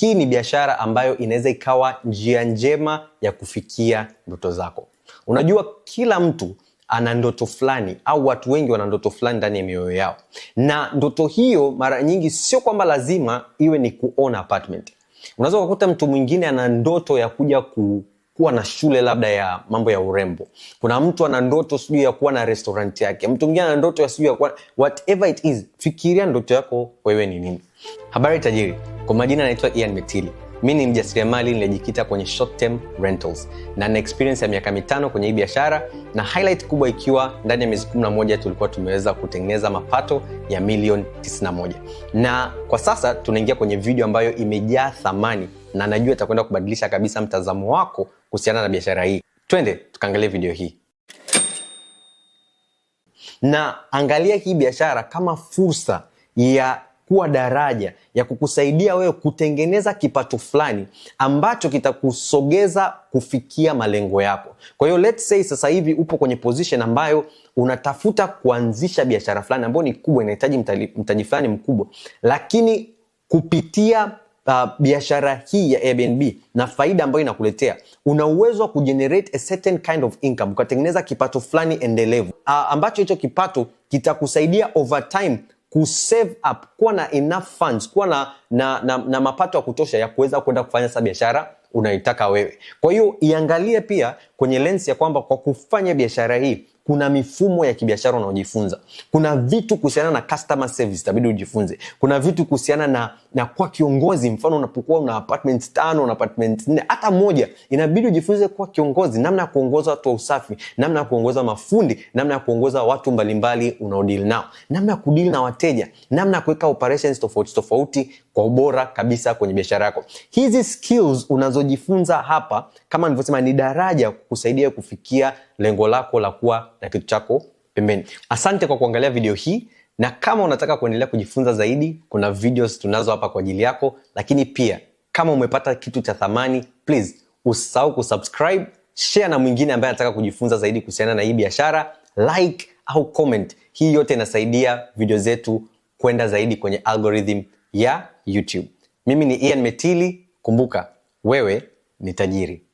Hii ni biashara ambayo inaweza ikawa njia njema ya kufikia ndoto zako. Unajua, kila mtu ana ndoto fulani au watu wengi wana ndoto fulani ndani ya mioyo yao, na ndoto hiyo mara nyingi sio kwamba lazima iwe ni kuona apartment. Unaweza ukakuta mtu mwingine ana ndoto ya kuja ku kuwa na shule labda ya mambo ya urembo. Kuna mtu ana ndoto sijui ya kuwa na restaurant yake, mtu mwingine ana ndoto ya sijui ya kuwa whatever it is. Fikiria ndoto yako wewe ni nini. Habari tajiri. Kwa majina naitwa Ian Metili. Mi ni mjasiriamali niliyejikita kwenye short term rentals na na experience ya miaka mitano kwenye hii biashara, na highlight kubwa ikiwa ndani ya miezi 11 tulikuwa tumeweza kutengeneza mapato ya milioni 91, na kwa sasa tunaingia kwenye video ambayo imejaa thamani na najua itakwenda kubadilisha kabisa mtazamo wako kuhusiana na biashara hii. Twende tukaangalia video hii na angalia hii biashara kama fursa ya kuwa daraja ya kukusaidia wewe kutengeneza kipato fulani ambacho kitakusogeza kufikia malengo yako. Kwa hiyo let's say sasa hivi upo kwenye position ambayo unatafuta kuanzisha biashara fulani ambayo ni kubwa, inahitaji mtaji fulani mkubwa, lakini kupitia uh, biashara hii ya Airbnb na faida ambayo inakuletea, una uwezo wa kugenerate a certain kind of income, ukatengeneza kipato fulani endelevu uh, ambacho hicho kipato kitakusaidia over time kusave up, kuwa na enough funds, kuwa na, na, na, na mapato ya kutosha ya kuweza kwenda kufanya sasa biashara unaitaka wewe. Kwa hiyo iangalie pia kwenye lensi ya kwamba kwa kufanya biashara hii kuna mifumo ya kibiashara unaojifunza kuna vitu kuhusiana na customer service itabidi ujifunze kuna vitu kuhusiana na na kuwa kiongozi mfano unapokuwa una apartment tano na apartment nne hata moja inabidi ujifunze kuwa kiongozi namna ya kuongoza watu wa usafi namna ya kuongoza mafundi namna ya kuongoza watu mbalimbali unaodili nao namna ya kudili na wateja namna ya kuweka operations tofauti tofauti kwa ubora kabisa kwenye biashara yako hizi skills unazojifunza hapa kama nilivyosema ni daraja kukusaidia kufikia lengo lako la kuwa na kitu chako pembeni. Asante kwa kuangalia video hii, na kama unataka kuendelea kujifunza zaidi, kuna videos tunazo hapa kwa ajili yako. Lakini pia kama umepata kitu cha thamani, please usisahau kusubscribe, share na mwingine ambaye anataka kujifunza zaidi kuhusiana na hii biashara, like au comment. Hii yote inasaidia video zetu kwenda zaidi kwenye algorithm ya YouTube. Mimi ni Ian Metili, kumbuka wewe ni tajiri.